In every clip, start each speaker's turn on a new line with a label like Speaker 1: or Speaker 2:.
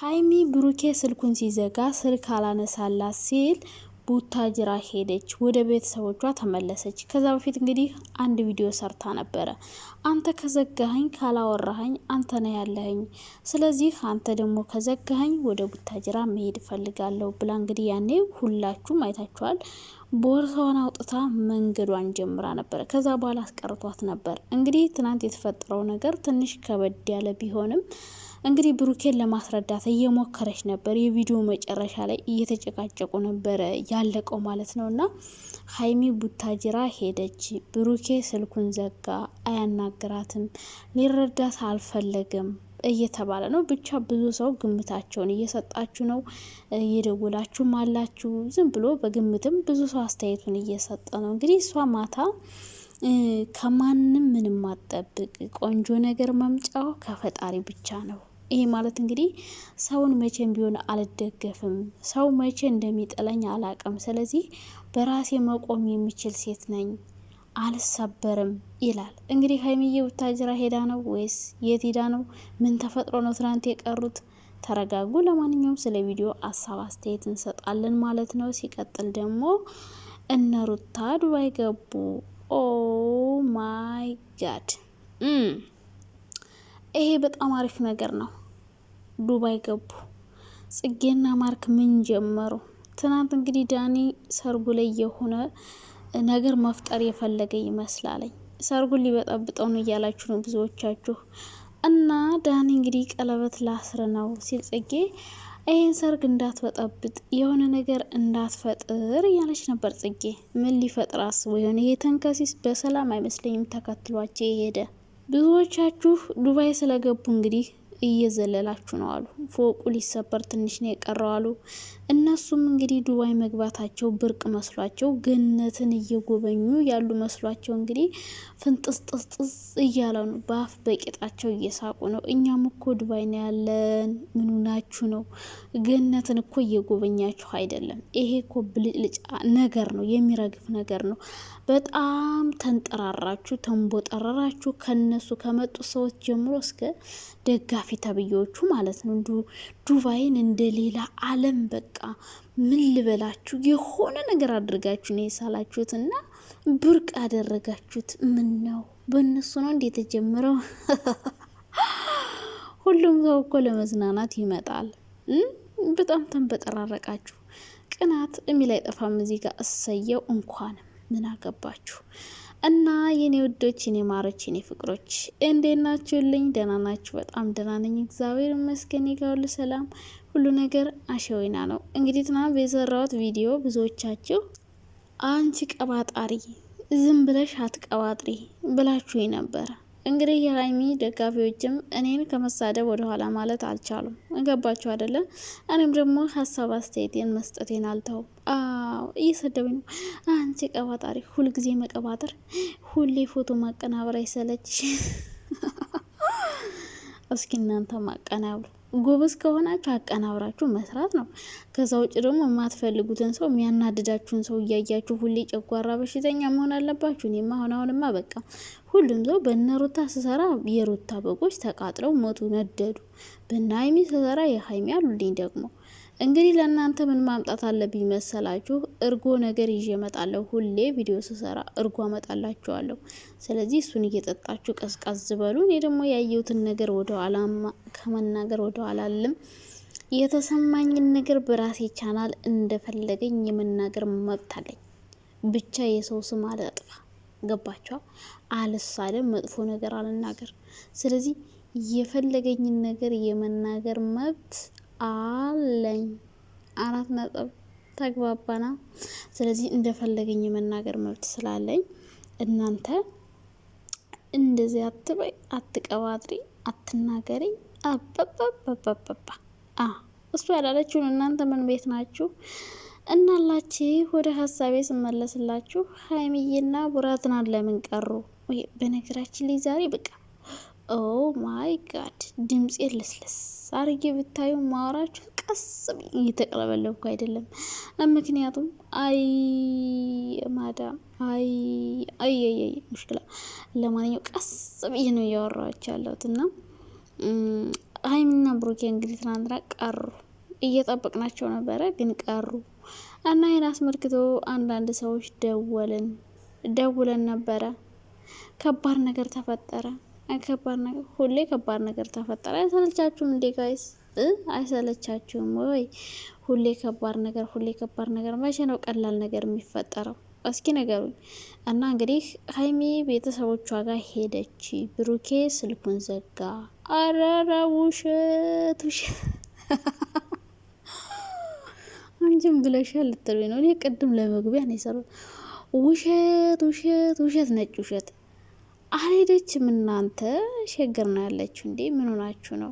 Speaker 1: ሀይሚ ብሩኬ ስልኩን ሲዘጋ ስልክ አላነሳላት ሲል ቡታጅራ ሄደች፣ ወደ ቤተሰቦቿ ተመለሰች። ከዛ በፊት እንግዲህ አንድ ቪዲዮ ሰርታ ነበረ። አንተ ከዘጋኸኝ ካላወራኸኝ አንተ ነው ያለኸኝ፣ ስለዚህ አንተ ደግሞ ከዘጋኸኝ ወደ ቡታጅራ መሄድ እፈልጋለሁ ብላ እንግዲህ ያኔ ሁላችሁም አይታችኋል። ቦርሳዋን አውጥታ መንገዷን ጀምራ ነበረ። ከዛ በኋላ አስቀርቷት ነበር። እንግዲህ ትናንት የተፈጠረው ነገር ትንሽ ከበድ ያለ ቢሆንም እንግዲህ ብሩኬን ለማስረዳት እየሞከረች ነበር። የቪዲዮ መጨረሻ ላይ እየተጨቃጨቁ ነበረ ያለቀው ማለት ነው። እና ሀይሚ ቡታጅራ ሄደች፣ ብሩኬ ስልኩን ዘጋ፣ አያናግራትም፣ ሊረዳት አልፈለገም እየተባለ ነው። ብቻ ብዙ ሰው ግምታቸውን እየሰጣችሁ ነው፣ እየደወላችሁም አላችሁ። ዝም ብሎ በግምትም ብዙ ሰው አስተያየቱን እየሰጠ ነው። እንግዲህ እሷ ማታ ከማንም ምንም አጠብቅ። ቆንጆ ነገር መምጫው ከፈጣሪ ብቻ ነው። ይሄ ማለት እንግዲህ ሰውን መቼም ቢሆን አልደገፍም፣ ሰው መቼ እንደሚጠለኝ አላቅም። ስለዚህ በራሴ መቆም የምችል ሴት ነኝ፣ አልሰበርም ይላል። እንግዲህ ሀይሚዬ ቡታጅራ ሄዳ ነው ወይስ የት ሄዳ ነው? ምን ተፈጥሮ ነው ትናንት የቀሩት? ተረጋጉ። ለማንኛውም ስለ ቪዲዮ አሳብ አስተያየት እንሰጣለን ማለት ነው። ሲቀጥል ደግሞ እነ ሩታ ዱባይ ገቡ። ማይ oh ጋድ hmm. ይሄ በጣም አሪፍ ነገር ነው። ዱባይ ገቡ ጽጌና ማርክ ምን ጀመሩ? ትናንት እንግዲህ ዳኒ ሰርጉ ላይ የሆነ ነገር መፍጠር የፈለገ ይመስላለኝ። ሰርጉን ሊበጣብጠው ነው እያላችሁ ነው ብዙዎቻችሁ እና ዳኒ እንግዲህ ቀለበት ላስር ነው ሲል ጽጌ ይህን ሰርግ እንዳትበጠብጥ የሆነ ነገር እንዳትፈጥር እያለች ነበር ጽጌ። ምን ሊፈጥር አስቦ የሆነ ይሄ ተንከሲስ በሰላም አይመስለኝም ተከትሏቸው የሄደ ብዙዎቻችሁ ዱባይ ስለገቡ እንግዲህ እየዘለላችሁ ነው አሉ። ፎቁ ሊሰበር ትንሽ ነው የቀረው አሉ። እነሱም እንግዲህ ዱባይ መግባታቸው ብርቅ መስሏቸው ገነትን እየጎበኙ ያሉ መስሏቸው እንግዲህ ፍንጥስጥስጥስ እያለ ነው። በአፍ በቂጣቸው እየሳቁ ነው። እኛም እኮ ዱባይ ነው ያለን፣ ምኑ ናችሁ ነው? ገነትን እኮ እየጎበኛችሁ አይደለም። ይሄ እኮ ብልጭልጫ ነገር ነው፣ የሚረግፍ ነገር ነው። በጣም ተንጠራራችሁ፣ ተንቦጠረራችሁ። ከነሱ ከመጡ ሰዎች ጀምሮ እስከ ደጋፊ ጸሐፊ ተብዬዎቹ ማለት ነው እንዲሁ ዱባይን እንደ ሌላ ዓለም በቃ ምን ልበላችሁ የሆነ ነገር አድርጋችሁ ነው የሳላችሁት እና ብርቅ ያደረጋችሁት። ምን ነው በእነሱ ነው እንዴ የተጀመረው? ሁሉም ሰው እኮ ለመዝናናት ይመጣል። በጣም ተንበጠራረቃችሁ። ቅናት የሚል አይጠፋም እዚህ ጋር። እሰየው እንኳንም ምን አገባችሁ። እና የኔ ውዶች፣ የኔ ማሮች፣ የኔ ፍቅሮች እንዴት ናችሁልኝ? ደህና ናችሁ? በጣም ደህና ነኝ፣ እግዚአብሔር ይመስገን። ጋር ሰላም፣ ሁሉ ነገር አሸወይና ነው። እንግዲህ ትናንት የሰራውት ቪዲዮ ብዙዎቻችሁ አንቺ ቀባጣሪ ዝም ብለሽ አትቀባጥሪ ብላችሁ ነበር። እንግዲህ የሀይሚ ደጋፊዎችም እኔን ከመሳደብ ወደኋላ ማለት አልቻሉም። ገባችሁ አይደለም? እኔም ደግሞ ሀሳብ አስተያየቴን መስጠቴን አልተውም። አዎ እየሰደበኝ ነው። አንቺ ቀባጣሪ፣ ሁልጊዜ መቀባጠር፣ ሁሌ ፎቶ ማቀናበር አይሰለች። እስኪ እናንተ ማቀናብሩ ጎበዝ ከሆናችሁ አቀናብራችሁ መስራት ነው። ከዛ ውጭ ደግሞ የማትፈልጉትን ሰው የሚያናድዳችሁን ሰው እያያችሁ ሁሌ ጨጓራ በሽተኛ መሆን አለባችሁ። እኔማ አሁን አሁንማ በቃ ሁሉም ሰው በነ ሩታ ስሰራ የሩታ በጎች ተቃጥለው ሞቱ፣ ነደዱ። በነ ሀይሚ ስሰራ የሀይሚ አሉልኝ ደግሞ እንግዲህ ለእናንተ ምን ማምጣት አለብኝ መሰላችሁ? እርጎ ነገር ይዤ እመጣለሁ። ሁሌ ቪዲዮ ስሰራ እርጎ አመጣላችኋለሁ። ስለዚህ እሱን እየጠጣችሁ ቀዝቀዝ በሉ። እኔ ደግሞ ያየሁትን ነገር ወደኋላ ከመናገር ወደኋላ አልልም። የተሰማኝን ነገር በራሴ ቻናል እንደፈለገኝ የመናገር መብት አለኝ። ብቻ የሰው ስም አላጥፋ። ገባችኋል? አልሳደም፣ መጥፎ ነገር አልናገር። ስለዚህ የፈለገኝን ነገር የመናገር መብት አለኝ አራት ነጥብ ተግባባና ስለዚህ እንደፈለገኝ የመናገር መብት ስላለኝ እናንተ እንደዚህ አትበይ፣ አትቀባጥሪ፣ አትናገሪ አበባባባባ አ እሱ ያላለችውን እናንተ ምን ቤት ናችሁ? እናላችሁ ወደ ሀሳቤ ስመለስላችሁ ሀይሚዬና ቡራትናን ለምን ቀሩ? በነገራችን ላይ ዛሬ በቃ ኦ ማይ ጋድ ድምፄ ልስልስ አርጌ ብታዩ ማወራችሁ ቀስ ብዬ እየተቀለበለብኩ አይደለም። ምክንያቱም አይ ማዳም አይ አይ አይ ሙሽክላ። ለማንኛው ቀስ ብዬ ነው እያወራች ያለሁት እና ሀይሚና ብሩኬ እንግዲህ ትናንትና ቀሩ። እየጠበቅናቸው ነበረ ግን ቀሩ እና ይህን አስመልክቶ አንዳንድ ሰዎች ደወልን ደውለን ነበረ። ከባድ ነገር ተፈጠረ። ከባድ ነገር ሁሌ ከባድ ነገር ተፈጠረ። አይሰለቻችሁም እንዴ ጋይስ? አይሰለቻችሁም ወይ? ሁሌ ከባድ ነገር ሁሌ ከባድ ነገር። መቼ ነው ቀላል ነገር የሚፈጠረው? እስኪ ነገሩኝ። እና እንግዲህ ሀይሚ ቤተሰቦቿ ጋር ሄደች፣ ብሩኬ ስልኩን ዘጋ። አረረ ውሸት ውሸት አንቺም ብለሻል ልትሉኝ ነው? እኔ ቅድም ለመግቢያ ነው የሰሩት ውሸት ውሸት ውሸት ነጭ ውሸት አልሄደችም። እናንተ ሸገር ነው ያለችው እንዴ? ምን ሆናችሁ ነው?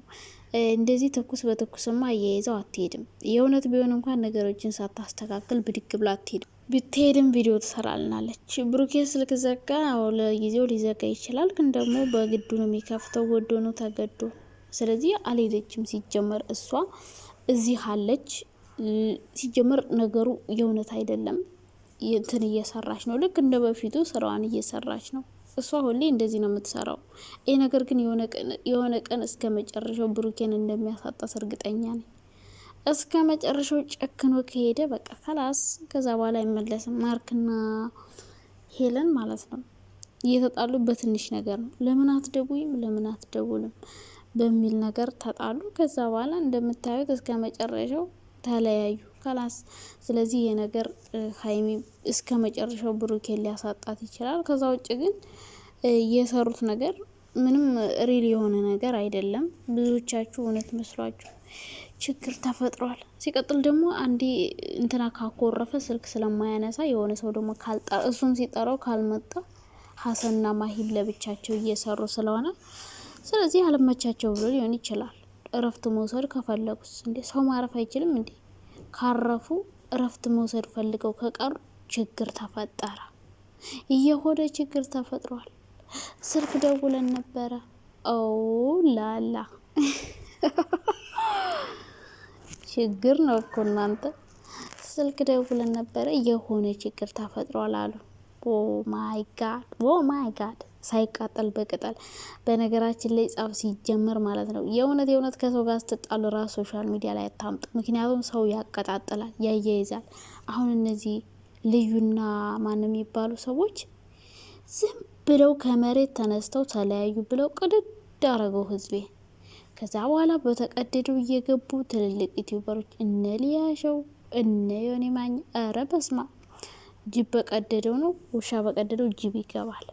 Speaker 1: እንደዚህ ትኩስ በትኩስማ እያይዘው አትሄድም። የእውነት ቢሆን እንኳን ነገሮችን ሳታስተካክል ብድግ ብላ አትሄድም። ብትሄድም ቪዲዮ ትሰራልናለች። ብሩኬ ስልክ ዘጋ። ለጊዜው ሊዘጋ ይችላል፣ ግን ደግሞ በግዱ ነው የሚከፍተው፣ ወዶ ነው ተገዶ። ስለዚህ አልሄደችም። ሲጀመር እሷ እዚህ አለች። ሲጀመር ነገሩ የእውነት አይደለም። እንትን እየሰራች ነው። ልክ እንደ በፊቱ ስራዋን እየሰራች ነው። እሷ ሁሌ እንደዚህ ነው የምትሰራው። ይህ ነገር ግን የሆነ ቀን እስከ መጨረሻው ብሩኬን እንደሚያሳጣስ እርግጠኛ ነኝ። እስከ መጨረሻው ጨክኖ ከሄደ በቃ ከላስ ከዛ በኋላ አይመለስም። ማርክና ሄለን ማለት ነው እየተጣሉ በትንሽ ነገር ነው ለምን አትደውይም፣ ለምን አትደውልም በሚል ነገር ተጣሉ። ከዛ በኋላ እንደምታዩት እስከ መጨረሻው ተለያዩ። ከላስ ስለዚህ የነገር ሀይሚ እስከ መጨረሻው ብሩኬን ሊያሳጣት ይችላል። ከዛ ውጭ ግን የሰሩት ነገር ምንም ሪል የሆነ ነገር አይደለም። ብዙዎቻችሁ እውነት መስሏችሁ ችግር ተፈጥሯል። ሲቀጥል ደግሞ አንዴ እንትና ካኮረፈ ስልክ ስለማያነሳ የሆነ ሰው ደግሞ እሱም ሲጠራው ካልመጣ ሀሰንና ማሂን ለብቻቸው እየሰሩ ስለሆነ ስለዚህ አለመቻቸው ብሎ ሊሆን ይችላል። እረፍት መውሰድ ከፈለጉት እንዴ ሰው ማረፍ አይችልም እንዴ? ካረፉ እረፍት መውሰድ ፈልገው ከቀሩ ችግር ተፈጠረ። እየሆነ ችግር ተፈጥሯል። ስልክ ደውለን ነበረ። ኦ ላላ ችግር ነው እኮ እናንተ። ስልክ ደውለን ነበረ የሆነ ችግር ተፈጥሯል አሉ። ኦ ማይ ጋድ ኦ ማይ ጋድ ሳይቃጠል በቅጠል። በነገራችን ላይ ጻፍ ሲጀመር ማለት ነው። የእውነት የእውነት ከሰው ጋር ስትጣሉ ራሱ ሶሻል ሚዲያ ላይ አታምጡ። ምክንያቱም ሰው ያቀጣጥላል፣ ያያይዛል። አሁን እነዚህ ልዩና ማንም የሚባሉ ሰዎች ዝም ብለው ከመሬት ተነስተው ተለያዩ ብለው ቅድድ አረገው ህዝቤ። ከዛ በኋላ በተቀደደው እየገቡ ትልልቅ ዩቲዩበሮች እነ ሊያሸው እነ ዮኒ ማኝ፣ ኧረ በስማ ጅብ በቀደደው ነው ውሻ በቀደደው ጅብ ይገባል።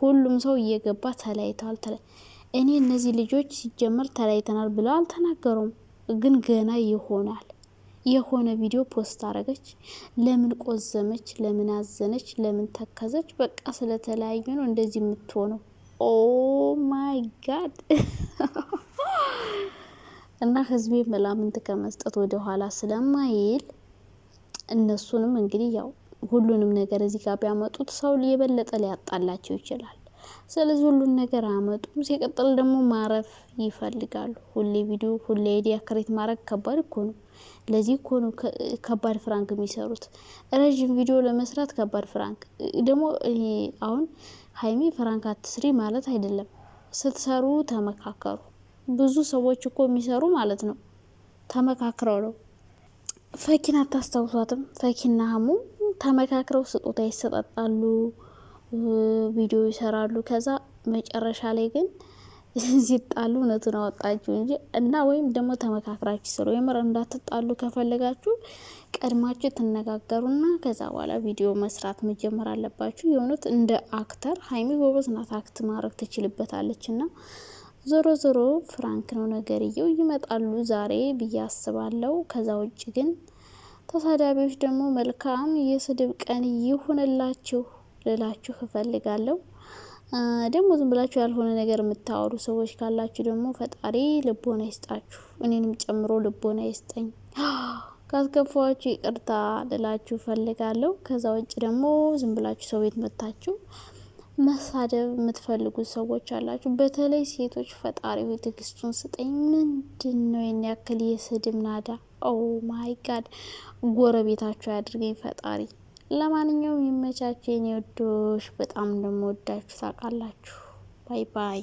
Speaker 1: ሁሉም ሰው እየገባ ተለያይተዋል እኔ እነዚህ ልጆች ሲጀመር ተለያይተናል ብለው አልተናገሩም፣ ግን ገና ይሆናል። የሆነ ቪዲዮ ፖስት አረገች። ለምን ቆዘመች? ለምን አዘነች? ለምን ተከዘች? በቃ ስለተለያዩ ነው እንደዚህ የምትሆነው። ኦ ማይ ጋድ! እና ህዝቤ መላምንት ከመስጠት ወደኋላ ስለማይል እነሱንም እንግዲህ ያው ሁሉንም ነገር እዚህ ጋር ቢያመጡት ሰው የበለጠ ሊያጣላቸው ይችላል። ስለዚህ ሁሉን ነገር አያመጡም። ሲቀጥል ደግሞ ማረፍ ይፈልጋሉ። ሁሌ ቪዲዮ፣ ሁሌ አይዲያ ክሬት ማድረግ ከባድ እኮ ነው። ለዚህ እኮ ነው ከባድ ፍራንክ የሚሰሩት። ረዥም ቪዲዮ ለመስራት ከባድ ፍራንክ ደግሞ አሁን ሀይሚ ፍራንክ አትስሪ ማለት አይደለም። ስትሰሩ ተመካከሩ። ብዙ ሰዎች እኮ የሚሰሩ ማለት ነው ተመካክረው ነው። ፈኪን አታስታውሷትም? ፈኪና ሀሙ ተመካክረው ስጦታ ይሰጣጣሉ፣ ቪዲዮ ይሰራሉ። ከዛ መጨረሻ ላይ ግን ሲጣሉ እውነቱን አወጣችሁ እንጂ እና ወይም ደግሞ ተመካክራችሁ ስሩ። የምር እንዳትጣሉ ከፈለጋችሁ ቀድማችሁ ትነጋገሩና ከዛ በኋላ ቪዲዮ መስራት መጀመር አለባችሁ። የሆኑት እንደ አክተር ሀይሚ ጎበዝ ናት፣ አክት ማድረግ ትችልበታለች። እና ዞሮ ዞሮ ፍራንክ ነው ነገርየው፣ ይመጣሉ ዛሬ ብዬ አስባለሁ። ከዛ ውጭ ግን ተሳዳቢዎች ደግሞ መልካም የስድብ ቀን ይሁንላችሁ ልላችሁ እፈልጋለሁ። ደግሞ ዝም ብላችሁ ያልሆነ ነገር የምታወሩ ሰዎች ካላችሁ ደግሞ ፈጣሪ ልቦና ይስጣችሁ፣ እኔንም ጨምሮ ልቦና ይስጠኝ። ካስከፋችሁ ይቅርታ ልላችሁ እፈልጋለሁ። ከዛ ውጭ ደግሞ ዝም ብላችሁ ሰው ቤት መታችሁ መሳደብ የምትፈልጉ ሰዎች አላችሁ። በተለይ ሴቶች ፈጣሪ ሆይ ትዕግስቱን ስጠኝ። ምንድን ነው ይህን ያክል የስድብ ናዳ? ኦ ማይ ጋድ! ጎረቤታችሁ ያድርገኝ ፈጣሪ። ለማንኛውም ይመቻችሁ የኔ ወዶች፣ በጣም እንደምወዳችሁ ታውቃላችሁ። ባይ ባይ።